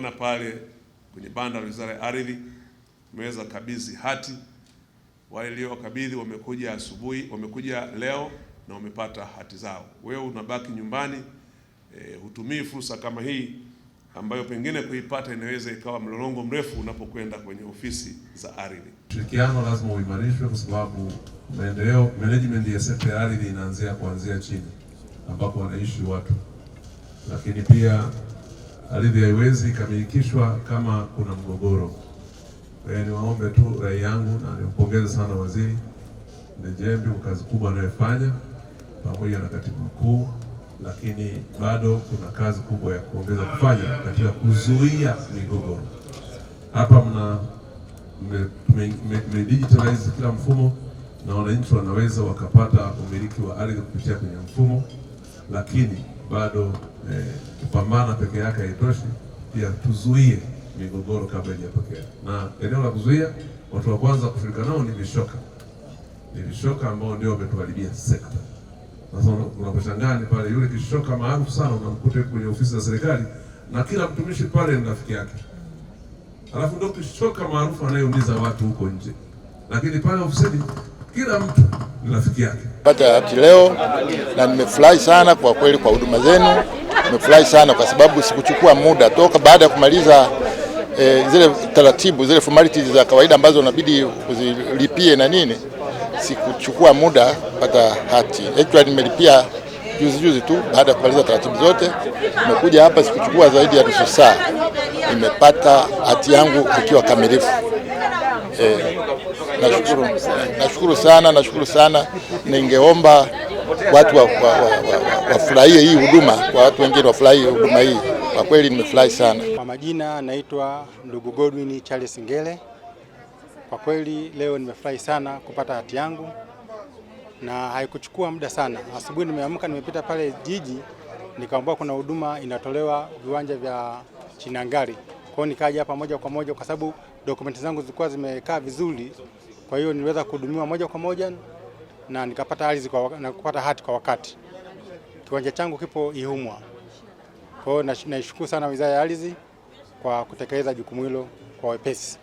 Mnaona pale kwenye banda la Wizara ya Ardhi umeweza kabidhi hati. wale Waliokabidhi wamekuja asubuhi, wamekuja leo na wamepata hati zao. Wewe unabaki nyumbani e, hutumii fursa kama hii ambayo pengine kuipata inaweza ikawa mlolongo mrefu unapokwenda kwenye ofisi za ardhi. Ushirikiano lazima uimarishwe, kwa sababu maendeleo, management ya sekta ya ardhi inaanzia kuanzia chini ambapo wanaishi watu, lakini pia ardhi haiwezi ikamilikishwa kama kuna mgogoro. Kwa eh, hiyo niwaombe tu rai yangu, na nimpongeze sana Waziri Ndejembi kwa kazi kubwa anayofanya pamoja na katibu mkuu, lakini bado kuna kazi kubwa ya kuongeza kufanya katika kuzuia migogoro. Hapa mna tumedigitalize kila mfumo na wananchi wanaweza wakapata umiliki wa ardhi kupitia kwenye mfumo, lakini bado eh, kupambana peke yake haitoshi, pia tuzuie migogoro kabla haijatokea. Na eneo la kuzuia, watu wa kwanza kufika nao ni vishoka, ni vishoka ambao ndio wametuharibia sekta. Sasa unaposhangaa pale, yule kishoka maarufu sana unamkuta kwenye ofisi za serikali na kila mtumishi pale ni rafiki yake, alafu ndio kishoka maarufu anayeumiza watu huko nje, lakini pale ofisini kila mtu ni rafiki yake. Pata hati leo na nimefurahi sana kwa kweli kwa huduma zenu, nimefurahi sana kwa sababu sikuchukua muda toka baada ya kumaliza e, zile taratibu zile formalities za kawaida ambazo unabidi uzilipie na nini, sikuchukua muda pata hati. Actually nimelipia juzi juzi tu baada ya kumaliza taratibu zote, nimekuja hapa, sikuchukua zaidi ya nusu saa, nimepata hati yangu ikiwa kamilifu. Eh, nashukuru, nashukuru sana, nashukuru sana. Ningeomba watu wafurahie wa, wa, wa, wa hii huduma kwa watu wengine wafurahie huduma hii. Kwa kweli nimefurahi sana. Kwa majina naitwa ndugu Godwin Charles Ngele. Kwa kweli leo nimefurahi sana kupata hati yangu na haikuchukua muda sana. Asubuhi nimeamka, nimepita pale jiji, nikaambiwa kuna huduma inatolewa viwanja vya Chinangari. Kwa hiyo nikaja hapa moja kwa moja kwa sababu dokumenti zangu zilikuwa zimekaa vizuri, kwa hiyo niliweza kuhudumiwa moja kwa moja na nikapata ardhi kwa, na kupata hati kwa wakati. Kiwanja changu kipo Ihumwa. Kwa hiyo naishukuru sana Wizara ya Ardhi kwa kutekeleza jukumu hilo kwa wepesi.